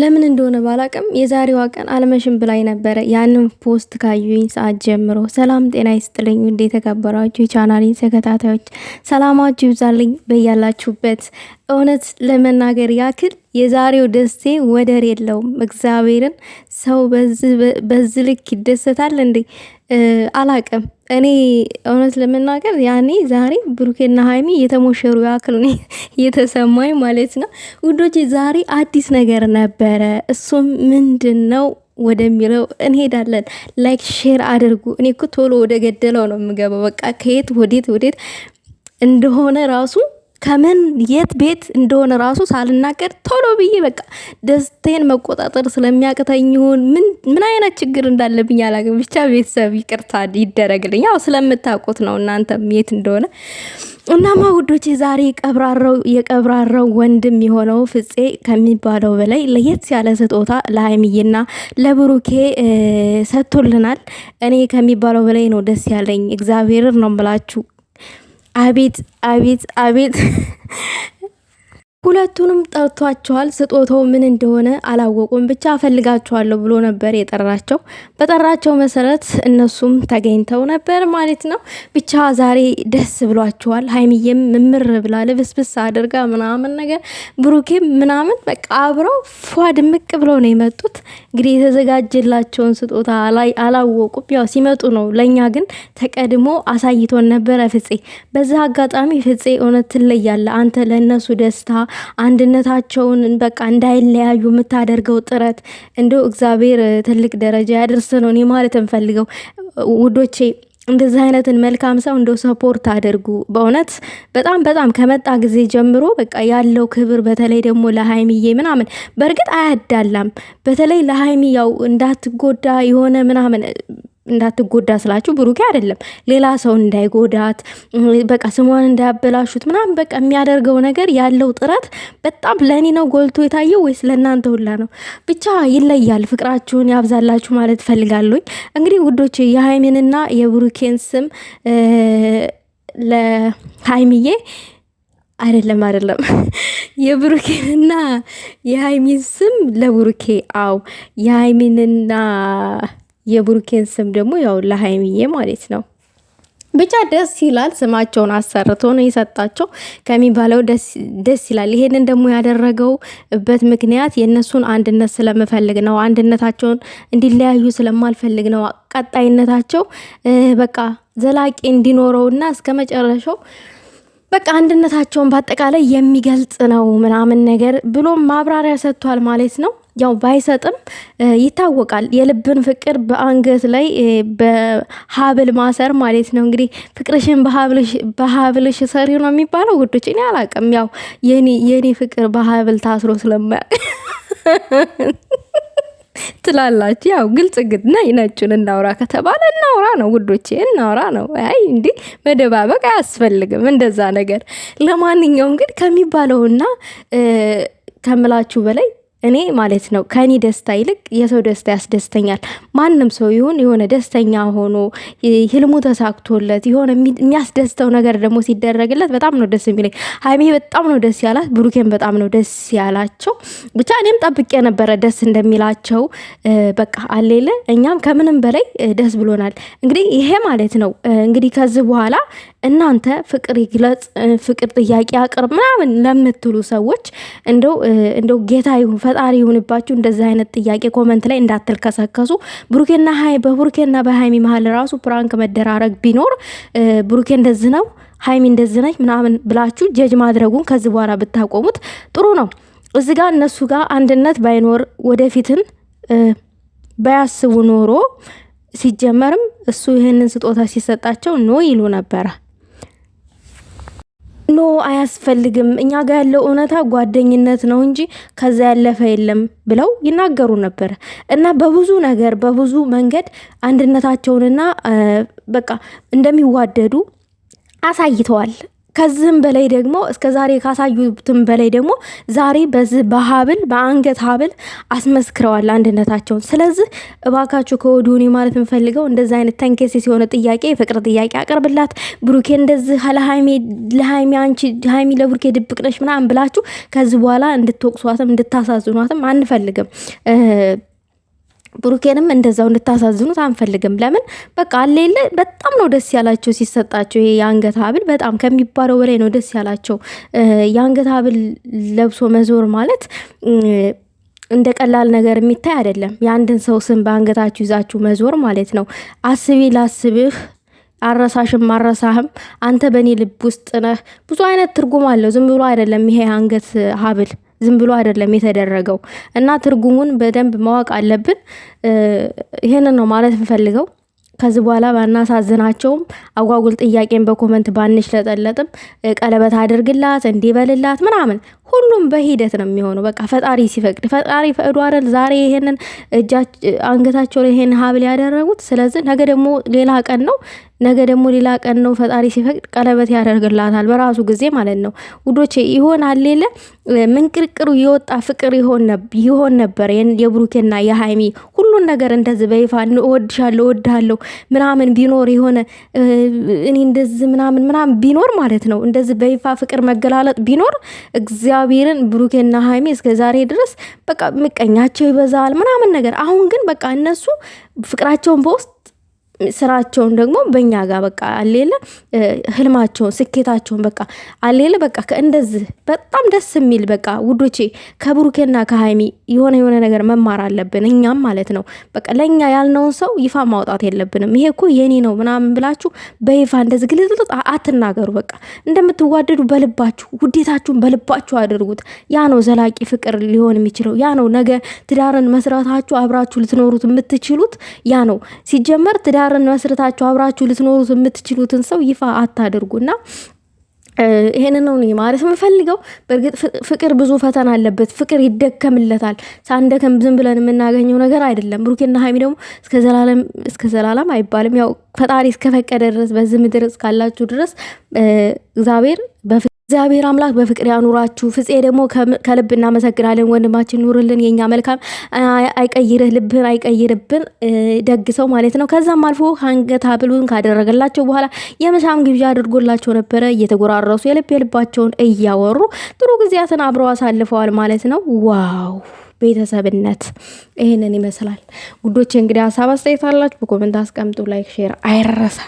ለምን እንደሆነ ባላቅም የዛሬዋ ቀን አልመሽም ብላኝ ነበረ። ያንን ፖስት ካዩኝ ሰዓት ጀምሮ ሰላም ጤና ይስጥልኝ። እንዴ የተከበራችሁ የቻናሌን ተከታታዮች ሰላማችሁ ይብዛልኝ በያላችሁበት። እውነት ለመናገር ያክል የዛሬው ደስቴ ወደር የለውም። እግዚአብሔርን ሰው በዚህ ልክ ይደሰታል እንዴ? አላቅም። እኔ እውነት ለመናገር ያኔ ዛሬ ብሩኬና ሀይሚ የተሞሸሩ ያክል ነው የተሰማኝ ማለት ነው። ውዶች ዛሬ አዲስ ነገር ነበረ። እሱም ምንድን ነው ወደሚለው እንሄዳለን። ላይክ ሼር አድርጉ። እኔ እኮ ቶሎ ወደ ገደለው ነው የምገባው። በቃ ከየት ወዴት ወዴት እንደሆነ ራሱ ከምን የት ቤት እንደሆነ ራሱ ሳልናገር ቶሎ ብዬ በቃ ደስቴን መቆጣጠር ስለሚያቅተኝ ይሁን ምን አይነት ችግር እንዳለብኝ አላውቅም። ብቻ ቤተሰብ ይቅርታ ይደረግልኝ። ያው ስለምታውቁት ነው እናንተም የት እንደሆነ እናማ ውዶቼ ዛሬ የቀብራራው የቀብራረው ወንድም የሆነው ፍፄ ከሚባለው በላይ ለየት ያለ ስጦታ ለሀይሚዬና ለብሩኬ ሰጥቶልናል። እኔ ከሚባለው በላይ ነው ደስ ያለኝ። እግዚአብሔር ነው የምላችሁ። አቤት አቤት አቤት ሁለቱንም ጠርቷቸዋል። ስጦታው ምን እንደሆነ አላወቁም፣ ብቻ ፈልጋቸዋለሁ ብሎ ነበር የጠራቸው። በጠራቸው መሰረት እነሱም ተገኝተው ነበር ማለት ነው። ብቻ ዛሬ ደስ ብሏቸዋል። ሀይሚዬም ምምር ብላ ልብስብስ አድርጋ ምናምን ነገር ብሩኬም ምናምን በቃ አብረው ፏ ድምቅ ብለው ነው የመጡት። እንግዲህ የተዘጋጀላቸውን ስጦታ ላይ አላወቁም። ያው ሲመጡ ነው። ለእኛ ግን ተቀድሞ አሳይቶን ነበረ ፍፄ። በዛ አጋጣሚ ፍፄ እውነት ትለያለ አንተ ለእነሱ ደስታ አንድነታቸውን በቃ እንዳይለያዩ የምታደርገው ጥረት እንደው እግዚአብሔር ትልቅ ደረጃ ያደርስ ነው እኔ ማለት እንፈልገው ውዶቼ። እንደዚህ አይነትን መልካም ሰው እንደው ሰፖርት አድርጉ። በእውነት በጣም በጣም ከመጣ ጊዜ ጀምሮ በቃ ያለው ክብር በተለይ ደግሞ ለሀይሚዬ ምናምን በእርግጥ አያዳላም። በተለይ ለሀይሚ ያው እንዳትጎዳ የሆነ ምናምን እንዳትጎዳ ስላችሁ ብሩኬ አይደለም ሌላ ሰው እንዳይጎዳት በቃ ስሟን እንዳያበላሹት ምናምን በቃ የሚያደርገው ነገር ያለው ጥረት በጣም ለእኔ ነው ጎልቶ የታየው ወይስ ለእናንተ ሁላ ነው? ብቻ ይለያል። ፍቅራችሁን ያብዛላችሁ ማለት እፈልጋለሁ። እንግዲህ ውዶች የሀይሜንና የብሩኬን ስም ለሀይሚዬ አይደለም አይደለም፣ የብሩኬንና የሀይሚን ስም ለብሩኬ አው የሀይሚንና የቡሩኬን ስም ደግሞ ያው ለሀይሚዬ ማለት ነው። ብቻ ደስ ይላል። ስማቸውን አሰርቶ ነው የሰጣቸው ከሚባለው ደስ ይላል። ይሄንን ደግሞ ያደረገውበት ምክንያት የእነሱን አንድነት ስለምፈልግ ነው። አንድነታቸውን እንዲለያዩ ስለማልፈልግ ነው። ቀጣይነታቸው በቃ ዘላቂ እንዲኖረውና እስከ መጨረሻው በቃ አንድነታቸውን በአጠቃላይ የሚገልጽ ነው ምናምን ነገር ብሎ ማብራሪያ ሰጥቷል ማለት ነው። ያው ባይሰጥም ይታወቃል። የልብን ፍቅር በአንገት ላይ በሀብል ማሰር ማለት ነው። እንግዲህ ፍቅርሽን በሀብልሽ ሰሪ ነው የሚባለው ውዶች። እኔ አላቅም። ያው የኔ ፍቅር በሀብል ታስሮ ስለማያውቅ ትላላችሁ። ያው ግልጽ ግድ ና ነጩን እናውራ ከተባለ እናውራ ነው ውዶቼ፣ እናውራ ነው። አይ እንዴ መደባበቅ አያስፈልግም እንደዛ ነገር። ለማንኛውም ግን ከሚባለውና ከምላችሁ በላይ እኔ ማለት ነው ከእኔ ደስታ ይልቅ የሰው ደስታ ያስደስተኛል። ማንም ሰው ይሁን የሆነ ደስተኛ ሆኖ ህልሙ ተሳክቶለት የሆነ የሚያስደስተው ነገር ደግሞ ሲደረግለት በጣም ነው ደስ የሚለኝ። ሀይሜ በጣም ነው ደስ ያላት፣ ብሩኬን በጣም ነው ደስ ያላቸው። ብቻ እኔም ጠብቄ ነበረ ደስ እንደሚላቸው። በቃ አሌለ እኛም ከምንም በላይ ደስ ብሎናል። እንግዲህ ይሄ ማለት ነው እንግዲህ ከዚህ በኋላ እናንተ ፍቅር ይግለጽ፣ ፍቅር ጥያቄ አቅርብ ምናምን ለምትሉ ሰዎች እንደው እንደው ጌታ ይሁን ፈጣሪ ይሁንባችሁ። እንደዚህ አይነት ጥያቄ ኮመንት ላይ እንዳትልከሰከሱ። ብሩኬና ሀይ በብሩኬና በሀይሚ መሀል ራሱ ፕራንክ መደራረግ ቢኖር ብሩኬ እንደዚህ ነው ሀይሚ እንደዚህ ነች ምናምን ብላችሁ ጀጅ ማድረጉን ከዚህ በኋላ ብታቆሙት ጥሩ ነው። እዚ ጋር እነሱ ጋር አንድነት ባይኖር ወደፊትን ባያስቡ ኖሮ ሲጀመርም እሱ ይህንን ስጦታ ሲሰጣቸው ኖ ይሉ ነበረ። ኖ አያስፈልግም፣ እኛ ጋር ያለው እውነታ ጓደኝነት ነው እንጂ ከዛ ያለፈ የለም ብለው ይናገሩ ነበር እና በብዙ ነገር በብዙ መንገድ አንድነታቸውንና በቃ እንደሚዋደዱ አሳይተዋል። ከዚህም በላይ ደግሞ እስከ ዛሬ ካሳዩትም በላይ ደግሞ ዛሬ በዚህ በሀብል በአንገት ሀብል አስመስክረዋል አንድነታቸውን። ስለዚህ እባካችሁ ከወዲሁኔ ማለት የምፈልገው እንደዚህ አይነት ተንኬሴ የሆነ ጥያቄ የፍቅር ጥያቄ አቅርብላት። ብሩኬ እንደዚህ ለሀይሚ አንቺ ሀይሚ ለብሩኬ ድብቅ ነሽ ምናምን ብላችሁ ከዚህ በኋላ እንድትወቅሷትም እንድታሳዝኗትም አንፈልግም። ብሩኬንም እንደዛው እንድታሳዝኑት አንፈልግም። ለምን በቃ አሌለ በጣም ነው ደስ ያላቸው ሲሰጣቸው። ይሄ የአንገት ሀብል በጣም ከሚባለው በላይ ነው ደስ ያላቸው። የአንገት ሀብል ለብሶ መዞር ማለት እንደ ቀላል ነገር የሚታይ አይደለም። የአንድን ሰው ስም በአንገታችሁ ይዛችሁ መዞር ማለት ነው። አስቢ ላስብህ አረሳሽም አረሳህም አንተ በእኔ ልብ ውስጥ ነህ። ብዙ አይነት ትርጉም አለው። ዝም ብሎ አይደለም ይሄ አንገት ሀብል። ዝም ብሎ አይደለም የተደረገው እና ትርጉሙን በደንብ ማወቅ አለብን። ይህንን ነው ማለት የምፈልገው። ከዚህ በኋላ ባናሳዝናቸውም አጓጉል ጥያቄን በኮመንት ለጠለጥም ቀለበት አድርግላት እንዲበልላት ምናምን ሁሉም በሂደት ነው የሚሆነው። በቃ ፈጣሪ ሲፈቅድ ፈጣሪ ፈቅዶ አይደል ዛሬ ይሄንን እጃ አንገታቸው ላይ ይሄን ሀብል ያደረጉት። ስለዚህ ነገ ደግሞ ሌላ ቀን ነው ነገ ደግሞ ሌላ ቀን ነው። ፈጣሪ ሲፈቅድ ቀለበት ያደርግላታል በራሱ ጊዜ ማለት ነው ውዶቼ። ይሆን አሌለ ምንቅርቅሩ የወጣ ፍቅር ይሆን ነበር የብሩኬና የሀይሚ ሁሉን ነገር እንደዚህ በይፋ እወድሻለሁ እወድሃለሁ ምናምን ቢኖር የሆነ እኔ እንደዚህ ምናምን ምናምን ቢኖር ማለት ነው እንደዚህ በይፋ ፍቅር መገላለጥ ቢኖር እግዚአብሔርን ብሩኬና ሃይሚ እስከ ዛሬ ድረስ በቃ ምቀኛቸው ይበዛል ምናምን ነገር። አሁን ግን በቃ እነሱ ፍቅራቸውን በውስጥ ስራቸውን ደግሞ በእኛ ጋር በቃ አሌለ ህልማቸውን ስኬታቸውን በቃ አሌለ በቃ እንደዚህ በጣም ደስ የሚል በቃ ውዶቼ ከብሩኬና ከሀይሚ የሆነ የሆነ ነገር መማር አለብን እኛም ማለት ነው። በቃ ለእኛ ያልነውን ሰው ይፋ ማውጣት የለብንም። ይሄ እኮ የኔ ነው ምናምን ብላችሁ በይፋ እንደዚህ ግልጽልጥ አትናገሩ። በቃ እንደምትዋደዱ በልባችሁ ውዴታችሁን በልባችሁ አድርጉት። ያ ነው ዘላቂ ፍቅር ሊሆን የሚችለው። ያ ነው ነገ ትዳርን መስራታችሁ አብራችሁ ልትኖሩት የምትችሉት። ያ ነው ሲጀመር ትዳር ትዳርን መስርታችሁ አብራችሁ ልትኖሩት የምትችሉትን ሰው ይፋ አታደርጉና ይሄንን ነው ማለት የምፈልገው። በእርግጥ ፍቅር ብዙ ፈተና አለበት። ፍቅር ይደከምለታል። ሳንደከም ዝም ብለን የምናገኘው ነገር አይደለም። ብሩኬና ሀይሚ ደግሞ እስከ ዘላለም እስከ ዘላለም አይባልም። ያው ፈጣሪ እስከፈቀደ ድረስ በዚህ ምድር እስካላችሁ ድረስ እግዚአብሔር እግዚአብሔር አምላክ በፍቅር ያኑራችሁ። ፍፄ ደግሞ ከልብ እናመሰግናለን። ወንድማችን ኑርልን፣ የኛ መልካም አይቀይርህ፣ ልብን አይቀይርብን፣ ደግሰው ማለት ነው። ከዛም አልፎ አንገት ሀብሉን ካደረገላቸው በኋላ የምሳም ግብዣ አድርጎላቸው ነበረ። እየተጎራረሱ የልብ የልባቸውን እያወሩ ጥሩ ጊዜያትን አብረው አሳልፈዋል ማለት ነው። ዋው ቤተሰብነት ይህንን ይመስላል። ጉዶች እንግዲህ ሀሳብ አስተያየት አላችሁ በኮመንት አስቀምጡ። ላይክ ሼር አይረሳ።